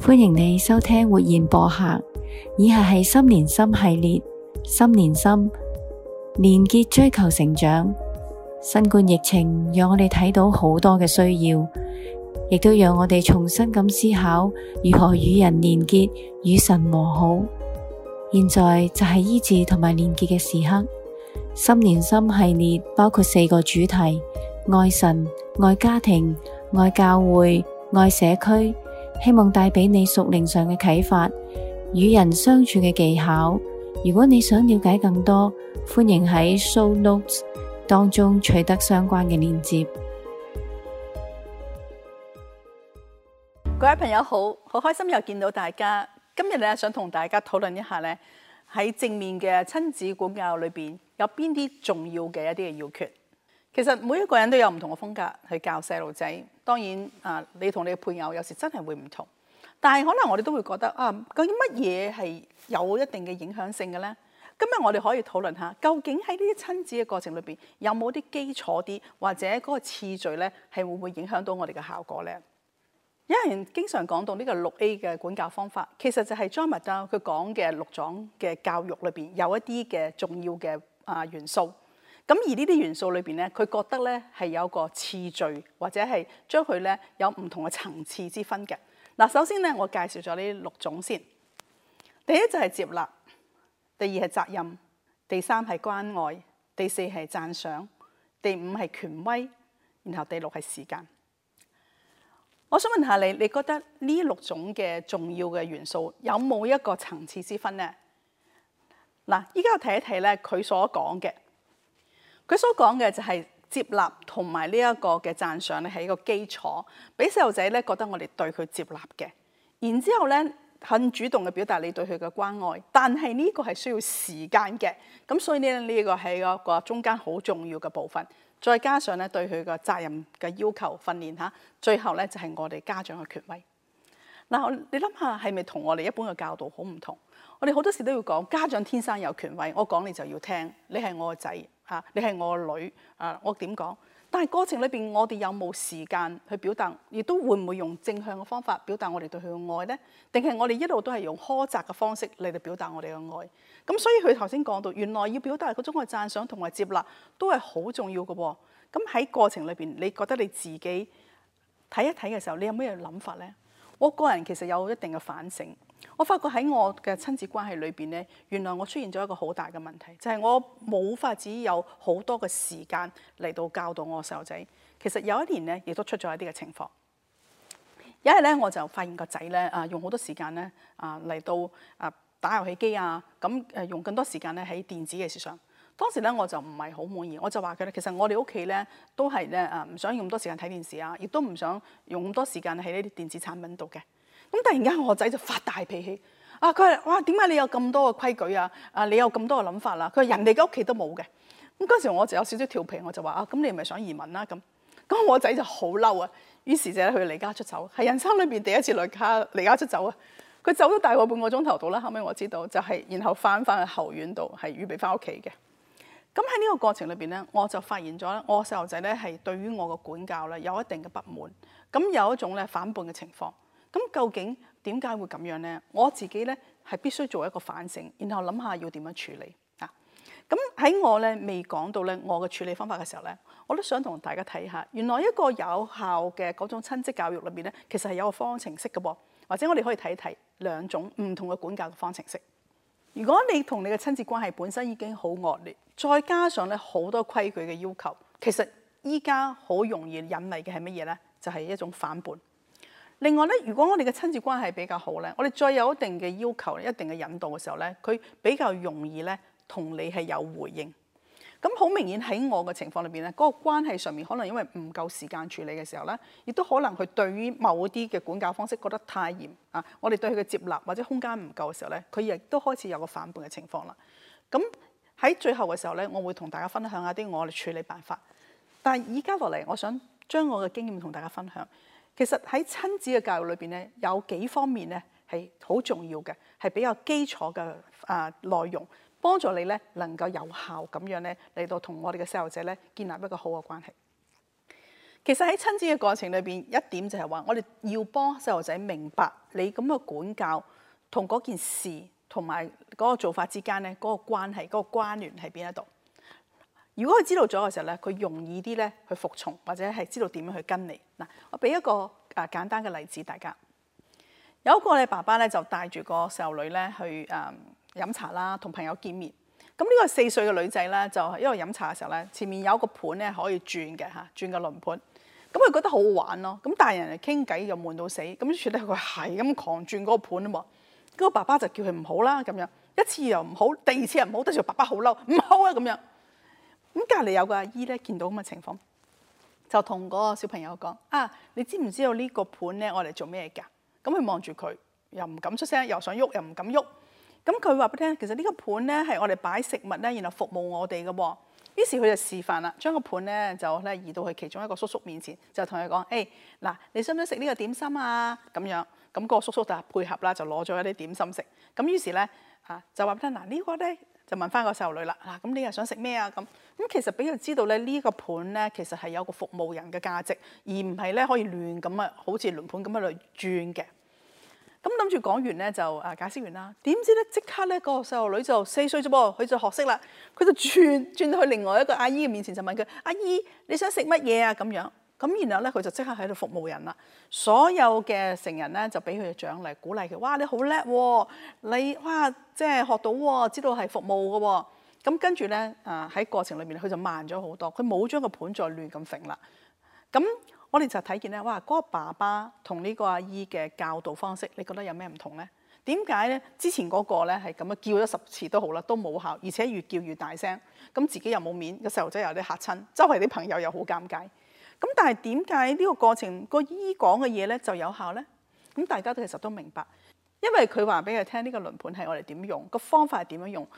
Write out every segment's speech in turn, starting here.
歡迎你收聽活現播客，以下係心連心系列。心連心，連結追求成長。新冠疫情讓我哋睇到好多嘅需要，亦都讓我哋重新咁思考如何與人連結、與神和好。現在就係醫治同埋連結嘅時刻。心連心系列包括四個主題：愛神、愛家庭、愛教會、愛社區。希望帶俾你屬靈上嘅啟發，與人相處嘅技巧。如果你想了解更多，歡迎喺 Show Notes 當中取得相關嘅鏈接。各位朋友好，好開心又見到大家。今日咧想同大家討論一下咧，喺正面嘅親子管教裏邊，有邊啲重要嘅一啲嘅要訣。其實每一個人都有唔同嘅風格去教細路仔，當然啊，你同你嘅配偶有時真係會唔同，但係可能我哋都會覺得啊，究竟乜嘢係有一定嘅影響性嘅咧？今日我哋可以討論下，究竟喺呢啲親子嘅過程裏邊，有冇啲基礎啲或者嗰個次序咧，係會唔會影響到我哋嘅效果咧？有人經常講到呢個六 A 嘅管教方法，其實就係 Johmatt 啊佢講嘅六種嘅教育裏邊有一啲嘅重要嘅啊元素。咁而呢啲元素裏邊咧，佢覺得咧係有個次序，或者係將佢咧有唔同嘅層次之分嘅。嗱，首先咧，我先介紹咗呢六種先。第一就係接納，第二係責任，第三係關愛，第四係讚賞，第五係權威，然後第六係時間。我想問下你，你覺得呢六種嘅重要嘅元素有冇一個層次之分咧？嗱，依家我睇一睇咧，佢所講嘅。佢所講嘅就係接納同埋呢一個嘅讚賞咧，係一個基礎，俾細路仔咧覺得我哋對佢接納嘅。然之後咧，很主動嘅表達你對佢嘅關愛。但係呢個係需要時間嘅，咁所以呢，呢一個係一個中間好重要嘅部分。再加上咧對佢嘅責任嘅要求訓練吓，最後咧就係我哋家長嘅權威。嗱，你諗下係咪同我哋一般嘅教導好唔同？我哋好多時都要講家長天生有權威，我講你就要聽，你係我嘅仔。嚇！你係我女，誒我點講？但係過程裏邊，我哋有冇時間去表達，亦都會唔會用正向嘅方法表達我哋對佢嘅愛呢？定係我哋一路都係用苛責嘅方式嚟到表達我哋嘅愛？咁所以佢頭先講到，原來要表達嗰種嘅讚賞同埋接納都係好重要嘅喎。咁喺過程裏邊，你覺得你自己睇一睇嘅時候，你有咩諗法呢？我個人其實有一定嘅反省。我發覺喺我嘅親子關係裏邊咧，原來我出現咗一個好大嘅問題，就係我冇法子有好多嘅時間嚟到教導我細路仔。其實有一年咧，亦都出咗一啲嘅情況。有一日咧，我就發現個仔咧啊，用好多時間咧啊嚟到啊打遊戲機啊，咁誒用更多時間咧喺電子嘅事上。當時咧我就唔係好滿意，我就話佢咧，其實我哋屋企咧都係咧啊唔想用咁多時間睇電視啊，亦都唔想用咁多時間喺呢啲電子產品度嘅。咁突然間，我仔就發大脾氣啊！佢話：哇，點解你有咁多嘅規矩啊？啊，你有咁多嘅諗法啦！佢人哋嘅屋企都冇嘅。咁嗰時我就有少少調皮，我就話啊：咁你咪想移民啦、啊？咁咁我仔就好嬲啊！於是就去佢離家出走，係人生裏面第一次離家離家出走啊！佢走咗大概半個鐘頭到啦。後尾我知道就係、是，然後翻返去後院度係預備翻屋企嘅。咁喺呢個過程裏面咧，我就發現咗我細路仔咧係對於我嘅管教咧有一定嘅不滿，咁有一種咧反叛嘅情況。咁究竟點解會咁樣呢？我自己咧係必須做一個反省，然後諗下要點樣處理啊！咁喺我咧未講到咧我嘅處理方法嘅時候咧，我都想同大家睇下，原來一個有效嘅嗰種親職教育裏邊咧，其實係有個方程式嘅噃，或者我哋可以睇一睇兩種唔同嘅管教嘅方程式。如果你同你嘅親子關係本身已經好惡劣，再加上咧好多規矩嘅要求，其實依家好容易引嚟嘅係乜嘢呢？就係一種反叛。另外咧，如果我哋嘅親子關係比較好咧，我哋再有一定嘅要求、一定嘅引導嘅時候咧，佢比較容易咧同你係有回應。咁好明顯喺我嘅情況裏邊咧，嗰個關係上面可能因為唔夠時間處理嘅時候咧，亦都可能佢對於某啲嘅管教方式覺得太嚴啊。我哋對佢嘅接納或者空間唔夠嘅時候咧，佢亦都開始有個反叛嘅情況啦。咁喺最後嘅時候咧，我會同大家分享一下啲我哋處理辦法。但係而家落嚟，我想將我嘅經驗同大家分享。其實喺親子嘅教育裏邊咧，有幾方面咧係好重要嘅，係比較基礎嘅啊內容，幫助你咧能夠有效咁樣咧嚟到同我哋嘅細路仔咧建立一個好嘅關係。其實喺親子嘅過程裏邊，一點就係話，我哋要幫細路仔明白你咁嘅管教同嗰件事同埋嗰個做法之間咧嗰個關係、嗰、嗰個關聯喺邊一度？如果佢知道咗嘅時候咧，佢容易啲咧去服從，或者係知道點樣去跟你嗱。我俾一個誒簡單嘅例子，大家有一個咧爸爸咧就帶住個細路女咧去誒飲、嗯、茶啦，同朋友見面。咁、這、呢個四歲嘅女仔咧就因為飲茶嘅時候咧，前面有一個盤咧可以轉嘅嚇，轉個輪盤。咁佢覺得好玩咯。咁大人嚟傾偈又悶到死，咁於是咧佢係咁狂轉嗰個盤啊嘛。個爸爸就叫佢唔好啦咁樣，一次又唔好，第二次又唔好，跟住爸爸好嬲，唔好啊咁樣。咁隔離有個阿姨咧，見到咁嘅情況，就同嗰個小朋友講：啊，你知唔知道呢個盤咧，我嚟做咩㗎？咁佢望住佢，又唔敢出聲，又想喐，又唔敢喐。咁佢話俾聽，其實呢個盤咧係我哋擺食物咧，然後服務我哋嘅喎。」於是佢就示範啦，將個盤咧就咧移到去其中一個叔叔面前，就同佢講：誒、欸，嗱，你想唔想食呢個點心啊？咁樣咁個叔叔就配合啦，就攞咗一啲點心食。咁於是咧就話俾佢聽嗱，呢個咧。就問翻個細路女啦，嗱，咁你又想食咩啊？咁咁、嗯、其實俾佢知道咧，這個、盤呢個盤咧其實係有個服務人嘅價值，而唔係咧可以亂咁、嗯、啊，好似輪盤咁喺度轉嘅。咁諗住講完咧就誒解釋完啦，點知咧即刻咧、個細路女就四歲啫噃，佢就學識啦，佢就轉轉，轉到去另外一個阿姨嘅面前就問佢：阿姨，你想食乜嘢啊？咁樣。咁然後咧，佢就即刻喺度服務人啦。所有嘅成人咧，就俾佢嘅獎勵鼓勵佢。哇！你好叻喎、哦，你哇即係學到喎、哦，知道係服務嘅喎、哦。咁、嗯、跟住咧，啊、呃、喺過程裏面，佢就慢咗好多，佢冇將個盤再亂咁揈啦。咁、嗯、我哋就睇見咧，哇！嗰、那個爸爸同呢個阿姨嘅教導方式，你覺得有咩唔同咧？點解咧？之前嗰個咧係咁樣叫咗十次都好啦，都冇效，而且越叫越大聲。咁、嗯、自己又冇面，個細路仔又有啲嚇親，周圍啲朋友又好尷尬。咁但係點解呢個過程，個醫講嘅嘢咧就有效咧？咁大家都其實都明白，因為佢話俾佢聽呢個輪盤係我哋點用，個方法係點樣用。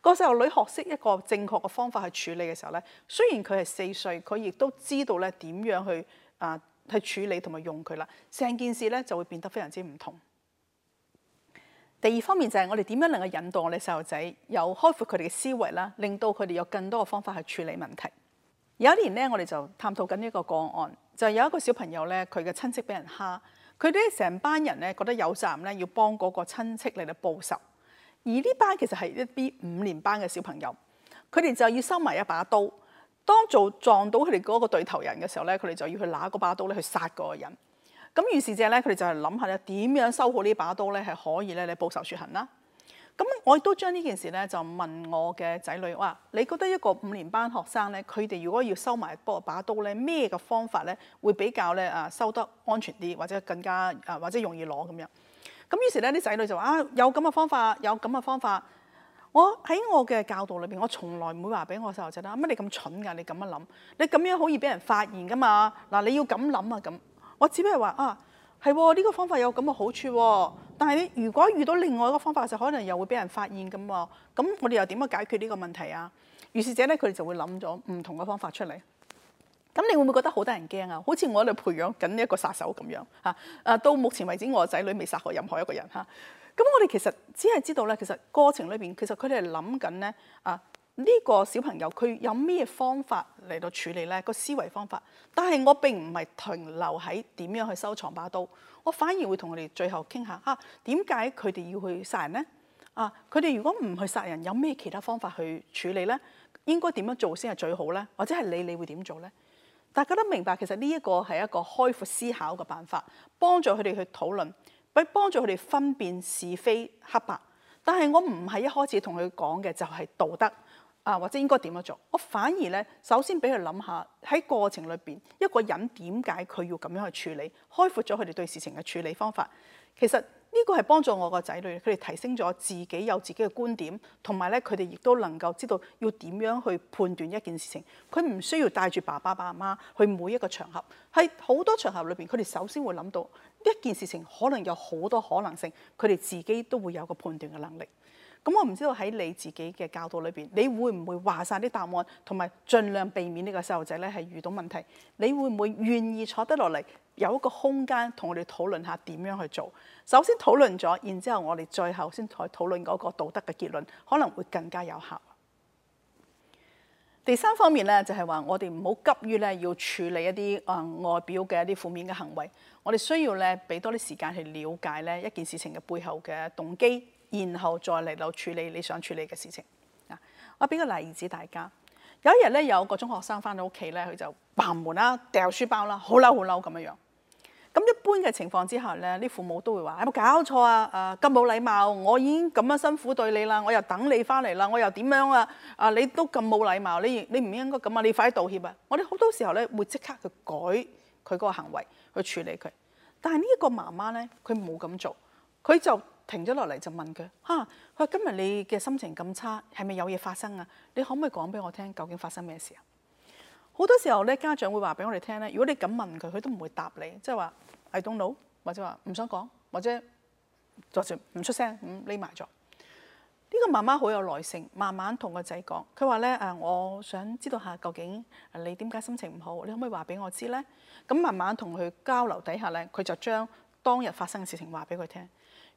個細路女學識一個正確嘅方法去處理嘅時候咧，雖然佢係四歲，佢亦都知道咧點樣去啊去處理同埋用佢啦。成件事咧就會變得非常之唔同。第二方面就係我哋點樣能夠引導我哋細路仔有開闊佢哋嘅思維啦，令到佢哋有更多嘅方法去處理問題。有一年咧，我哋就探討緊呢個個案，就係有一個小朋友咧，佢嘅親戚俾人蝦，佢哋成班人咧覺得有責任咧要幫嗰個親戚嚟嚟報仇，而呢班其實係一啲五年班嘅小朋友，佢哋就要收埋一把刀，當做撞到佢哋嗰個對頭人嘅時候咧，佢哋就要去拿嗰把刀咧去殺嗰個人。咁於是者咧，佢哋就係諗下咧點樣收好呢把刀咧係可以咧嚟報仇雪恨啦。咁我亦都將呢件事咧就問我嘅仔女，話你覺得一個五年班學生咧，佢哋如果要收埋多把刀咧，咩嘅方法咧會比較咧啊收得安全啲，或者更加啊或者容易攞咁樣？咁於是咧啲仔女就話啊有咁嘅方法，有咁嘅方法。我喺我嘅教導裏邊，我從來唔會話俾我細路仔啦。乜、啊、你咁蠢㗎？你咁樣諗，你咁樣好易俾人發現㗎嘛？嗱、啊，你要咁諗啊咁。我只不過話啊。係喎，呢、哦，這個方法有咁嘅好處喎、哦，但係如果遇到另外一個方法，就可能又會俾人發現咁喎、哦。咁我哋又點樣解決呢個問題啊？於是者咧，佢哋就會諗咗唔同嘅方法出嚟。咁你會唔會覺得好得人驚啊？好似我喺度培養緊一個殺手咁樣嚇。誒、啊，到目前為止，我仔女未殺過任何一個人嚇。咁、啊、我哋其實只係知道咧，其實過程裏邊，其實佢哋諗緊咧啊。呢個小朋友佢有咩方法嚟到處理呢？個思維方法，但係我並唔係停留喺點樣去收藏把刀，我反而會同佢哋最後傾下嚇點解佢哋要去殺人呢？啊，佢哋如果唔去殺人，有咩其他方法去處理呢？應該點樣做先係最好呢？或者係你，你會點做呢？大家都明白，其實呢一個係一個開闊思考嘅辦法，幫助佢哋去討論，幫幫助佢哋分辨是非黑白。但係我唔係一開始同佢講嘅就係道德。啊，或者應該點樣做？我反而咧，首先俾佢諗下喺過程裏面，一個人點解佢要咁樣去處理，開闊咗佢哋對事情嘅處理方法。其實呢個係幫助我個仔女，佢哋提升咗自己有自己嘅觀點，同埋咧佢哋亦都能夠知道要點樣去判斷一件事情。佢唔需要帶住爸爸、爸媽去每一個場合，喺好多場合裏面，佢哋首先會諗到一件事情可能有好多可能性，佢哋自己都會有個判斷嘅能力。咁我唔知道喺你自己嘅教導裏邊，你會唔會話晒啲答案，同埋盡量避免呢個細路仔咧係遇到問題？你會唔會願意坐得落嚟，有一個空間同我哋討論下點樣去做？首先討論咗，然之後我哋最後先再討論嗰個道德嘅結論，可能會更加有效。第三方面咧，就係話我哋唔好急於咧要處理一啲誒外表嘅一啲負面嘅行為，我哋需要咧俾多啲時間去了解咧一件事情嘅背後嘅動機。然後再嚟到處理你想處理嘅事情。啊，我俾個例子大家。有一日咧，有個中學生翻到屋企咧，佢就閂門啦，掉書包啦，好嬲好嬲咁樣樣。咁一般嘅情況之下咧，啲父母都會話：有冇搞錯啊？誒咁冇禮貌！我已經咁樣辛苦對你啦，我又等你翻嚟啦，我又點樣啊？啊，你都咁冇禮貌，你你唔應該咁啊！你快啲道歉啊！我哋好多時候咧會即刻去改佢嗰個行為去處理佢。但係呢一個媽媽咧，佢冇咁做，佢就，停咗落嚟就問佢嚇，佢、啊、話：佢今日你嘅心情咁差，係咪有嘢發生啊？你可唔可以講俾我聽，究竟發生咩事啊？好多時候咧，家長會話俾我哋聽咧。如果你咁問佢，佢都唔會答你，即係話 I don't know，或者話唔想講，或者就算唔出聲，匿埋咗。呢、呢個媽媽好有耐性，慢慢同個仔講。佢話咧：誒，我想知道下究竟你點解心情唔好？你可唔可以話俾我知咧？咁慢慢同佢交流底下咧，佢就將當日發生嘅事情話俾佢聽。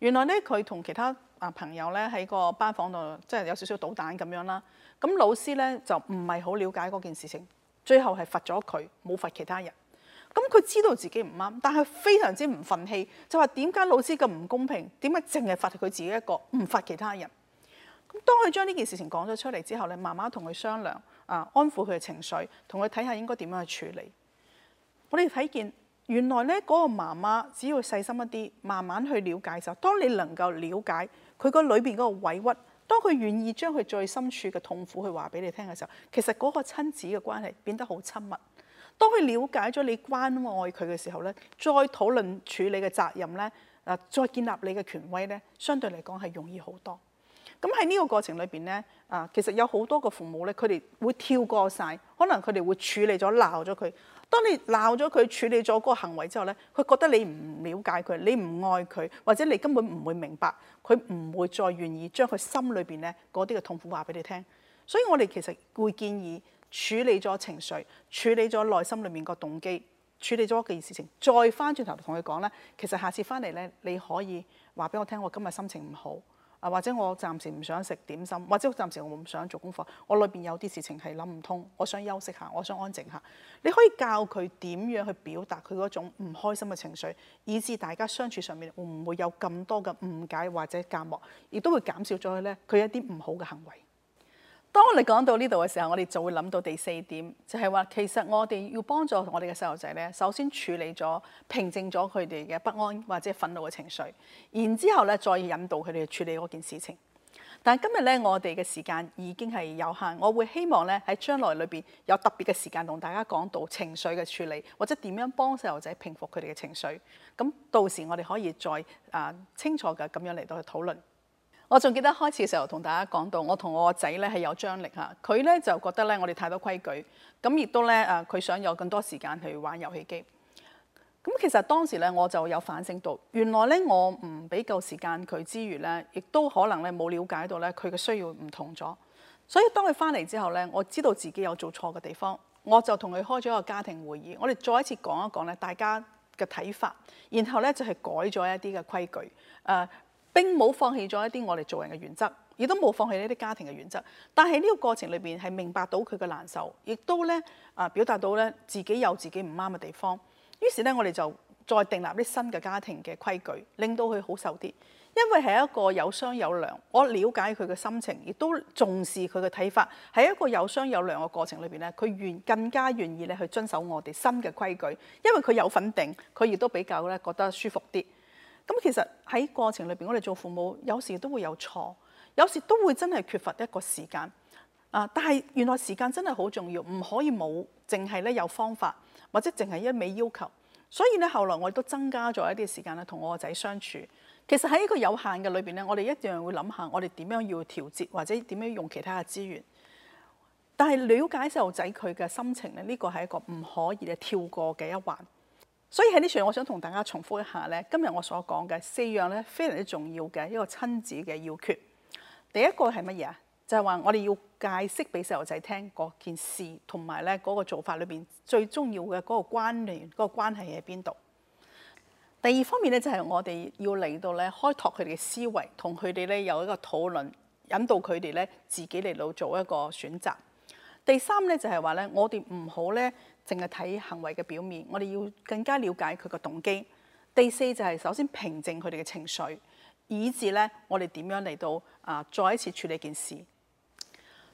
原來咧，佢同其他啊朋友咧喺個班房度，即係有少少搗蛋咁樣啦。咁老師咧就唔係好了解嗰件事情，最後係罰咗佢，冇罰其他人。咁佢知道自己唔啱，但係非常之唔忿氣，就話點解老師咁唔公平？點解淨係罰佢自己一個，唔罰其他人？咁當佢將呢件事情講咗出嚟之後咧，媽媽同佢商量啊，安撫佢嘅情緒，同佢睇下應該點樣去處理。我哋睇見。原來咧，嗰個媽媽只要細心一啲，慢慢去了解就，當你能夠了解佢個裏邊嗰個委屈，當佢願意將佢最深處嘅痛苦去話俾你聽嘅時候，其實嗰個親子嘅關係變得好親密。當佢了解咗你關愛佢嘅時候咧，再討論處理嘅責任咧，啊，再建立你嘅權威咧，相對嚟講係容易好多。咁喺呢個過程裏邊咧，啊，其實有好多個父母咧，佢哋會跳過晒，可能佢哋會處理咗鬧咗佢。當你鬧咗佢，處理咗嗰個行為之後咧，佢覺得你唔了解佢，你唔愛佢，或者你根本唔會明白，佢唔會再願意將佢心裏邊咧嗰啲嘅痛苦話俾你聽。所以我哋其實會建議處理咗情緒，處理咗內心裏面個動機，處理咗一件事情，再翻轉頭同佢講咧，其實下次翻嚟咧，你可以話俾我聽，我今日心情唔好。啊，或者我暫時唔想食點心，或者暫時我唔想做功課，我裏面有啲事情係諗唔通，我想休息下，我想安靜下。你可以教佢點樣去表達佢嗰種唔開心嘅情緒，以致大家相處上面會唔會有咁多嘅誤解或者隔膜，亦都會減少咗咧佢一啲唔好嘅行為。當我哋講到呢度嘅時候，我哋就會諗到第四點，就係話其實我哋要幫助我哋嘅細路仔咧，首先處理咗、平靜咗佢哋嘅不安或者憤怒嘅情緒，然之後咧再引導佢哋去處理嗰件事情。但係今日咧，我哋嘅時間已經係有限，我會希望咧喺將來裏邊有特別嘅時間同大家講到情緒嘅處理，或者點樣幫細路仔平復佢哋嘅情緒。咁到時我哋可以再啊清楚嘅咁樣嚟到去討論。我仲記得開始嘅時候同大家講到，我同我個仔咧係有張力嚇，佢咧就覺得咧我哋太多規矩，咁亦都咧誒佢想有更多時間去玩遊戲機。咁其實當時咧我就有反省到，原來咧我唔俾夠時間佢之餘咧，亦都可能咧冇了解到咧佢嘅需要唔同咗。所以當佢返嚟之後咧，我知道自己有做錯嘅地方，我就同佢開咗一個家庭會議，我哋再一次講一講咧大家嘅睇法，然後咧就係改咗一啲嘅規矩誒。呃並冇放棄咗一啲我哋做人嘅原則，亦都冇放棄呢啲家庭嘅原則。但係呢個過程裏邊係明白到佢嘅難受，亦都咧啊表達到咧自己有自己唔啱嘅地方。於是咧我哋就再訂立啲新嘅家庭嘅規矩，令到佢好受啲。因為係一個有商有量，我了解佢嘅心情，亦都重視佢嘅睇法。喺一個有商有量嘅過程裏邊咧，佢願更加願意咧去遵守我哋新嘅規矩，因為佢有份定，佢亦都比較咧覺得舒服啲。咁其實喺過程裏邊，我哋做父母有時都會有錯，有時都會真係缺乏一個時間啊！但係原來時間真係好重要，唔可以冇，淨係咧有方法，或者淨係一味要求。所以咧，後來我亦都增加咗一啲時間咧，同我個仔相處。其實喺一個有限嘅裏邊咧，我哋一樣會諗下，我哋點樣要調節，或者點樣用其他嘅資源。但係了解細路仔佢嘅心情咧，呢個係一個唔可以嘅跳過嘅一環。所以喺呢處，我想同大家重複一下咧，今日我所講嘅四樣咧，非常之重要嘅一個親子嘅要訣。第一個係乜嘢啊？就係話我哋要解釋俾細路仔聽嗰件事，同埋咧嗰個做法裏邊最重要嘅嗰個關聯、嗰個關係喺邊度。第二方面咧，就係我哋要嚟到咧開拓佢哋嘅思維，同佢哋咧有一個討論，引導佢哋咧自己嚟到做一個選擇。第三咧就係話咧，我哋唔好咧。淨係睇行為嘅表面，我哋要更加了解佢嘅動機。第四就係首先平靜佢哋嘅情緒，以至咧我哋點樣嚟到啊再一次處理件事。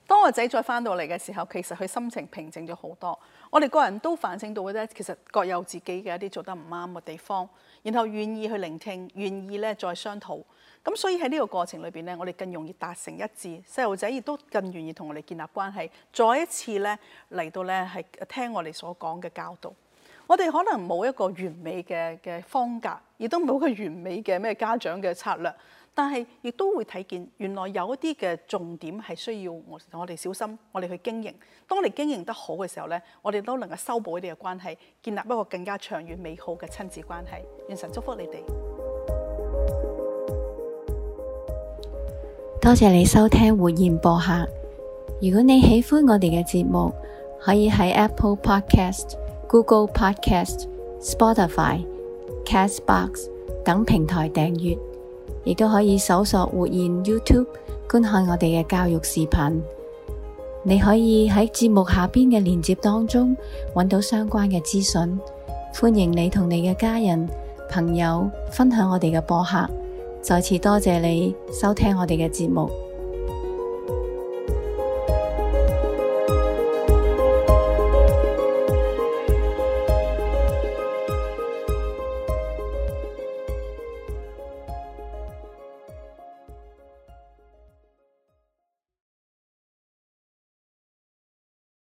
當個仔再翻到嚟嘅時候，其實佢心情平靜咗好多。我哋個人都反省到呢，其實各有自己嘅一啲做得唔啱嘅地方，然後願意去聆聽，願意咧再商討。咁所以喺呢個過程裏面咧，我哋更容易達成一致，細路仔亦都更願意同我哋建立關係，再一次咧嚟到咧係聽我哋所講嘅教導。我哋可能冇一個完美嘅嘅風格，亦都冇一個完美嘅咩家長嘅策略。但係，亦都會睇見原來有一啲嘅重點係需要我我哋小心，我哋去經營。當你經營得好嘅時候呢，我哋都能夠修補你哋嘅關係，建立一個更加長遠美好嘅親子關係。願神祝福你哋。多謝你收聽活現播客。如果你喜歡我哋嘅節目，可以喺 Apple Podcast、Google Podcast、Spotify、Castbox 等平台訂閱。亦都可以搜索活現 YouTube 觀看我哋嘅教育視頻。你可以喺節目下邊嘅鏈接當中搵到相關嘅資訊。歡迎你同你嘅家人朋友分享我哋嘅播客。再次多謝你收聽我哋嘅節目。